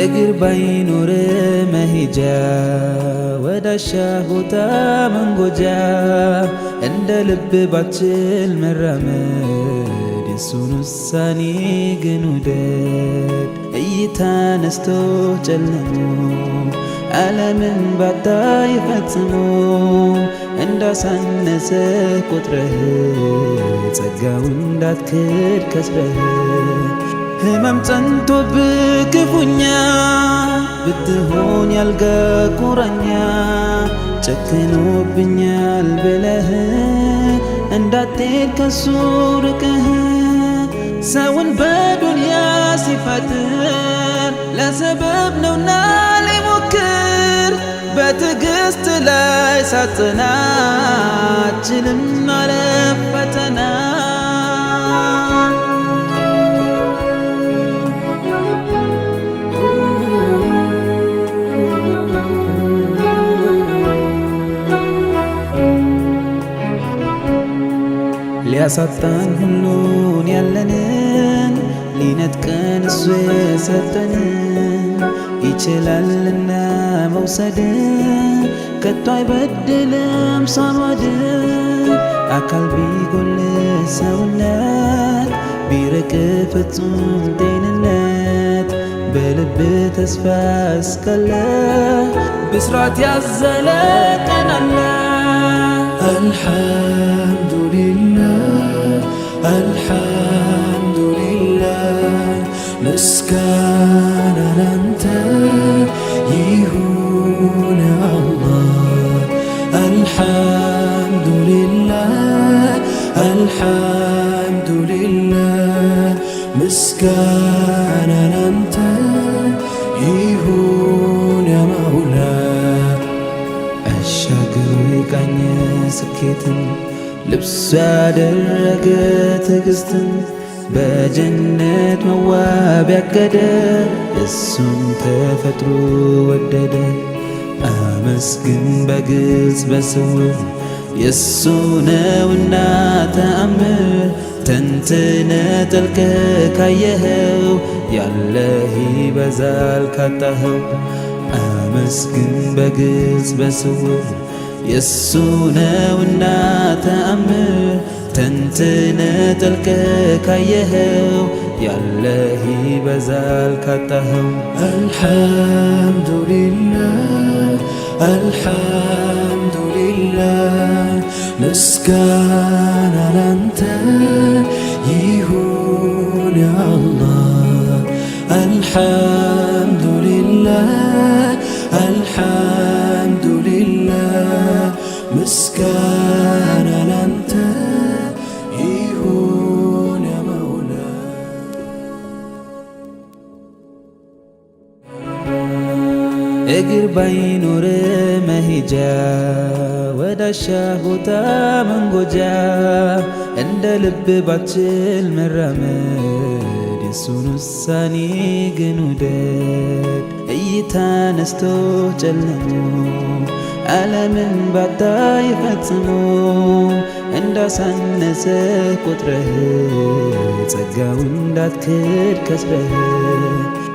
እግር ባይኖር መሄጃ ወዳሻ ቦታ መንጎጃ እንደ ልብ ባችል መራመድ የሱን ውሳኔ ግን ውደድ እይታ ነስቶ ጨለሞ ዓለምን ባታ ይፈጽሞ እንዳሳነሰ ቁጥረህ ጸጋው እንዳትክድ ከስረህ ህመም ጸንቶብህ ክፉኛ ብትሆን ያልጋ ቁራኛ ጨክኖብኛል ብለህ እንዳትሄድ ከሱ ርቀህ ሰውን በዱንያ ሲፈጥር ለሰበብ ነውና ሊሞክር በትዕግሥት ላይ ሳጽና ችልም አለ ሊያሳጣን ሁሉን ያለንን ሊነጥቀን እሱ የሰጠንን ይችላልና መውሰድ ከቶ አይበድልም ሳማድ አካል ቢጎል ሰውነት ቢርቅ ፍጹም ጤንነት በልብ ተስፋ እስካለ ብስራት ያዘለ ቀናለ አልሐምዱሊላ الحمد لله مسكانا أنت يهون الله الحمد لله الحمد لله مسكانا أنت يهون يا أشهد لك أن سكتن ልብሱ ያደረገ ትዕግስትን በጀነት መዋብ ያቀደ እሱም ተፈጥሮ ወደደ። አመስግን በግልጽ በስውር የእሱ ነውና ተአምር ተንትነ ጠልቀ ካየኸው ያለህ ይበዛል ካጣኸው። አመስግን በግልጽ በስውር የሱ ነውና ተአምር ተንትነ ጠልቀ ካየኸው ያለህ ይበዛል ካጣኸው። አልሐምዱሊላህ አልሐምዱሊላህ ምስጋና ላንተ ይሁን ያአላህ አልሐምዱሊላህ ምስጋና ላንተ ይሁን ያመውላ እግር ባይኖር መሄጃ ወዳሻ ቦታ መንጎጃ እንደ ልብ ባችል መራመድ የሱን ውሳኔ ግን ውደድ እይታ ነስቶ ጨለሞ ዓለምን ባታይ ፈጽሞ እንዳሳነሰ ቁጥረህ ጸጋውን እንዳትክድ ከስረህ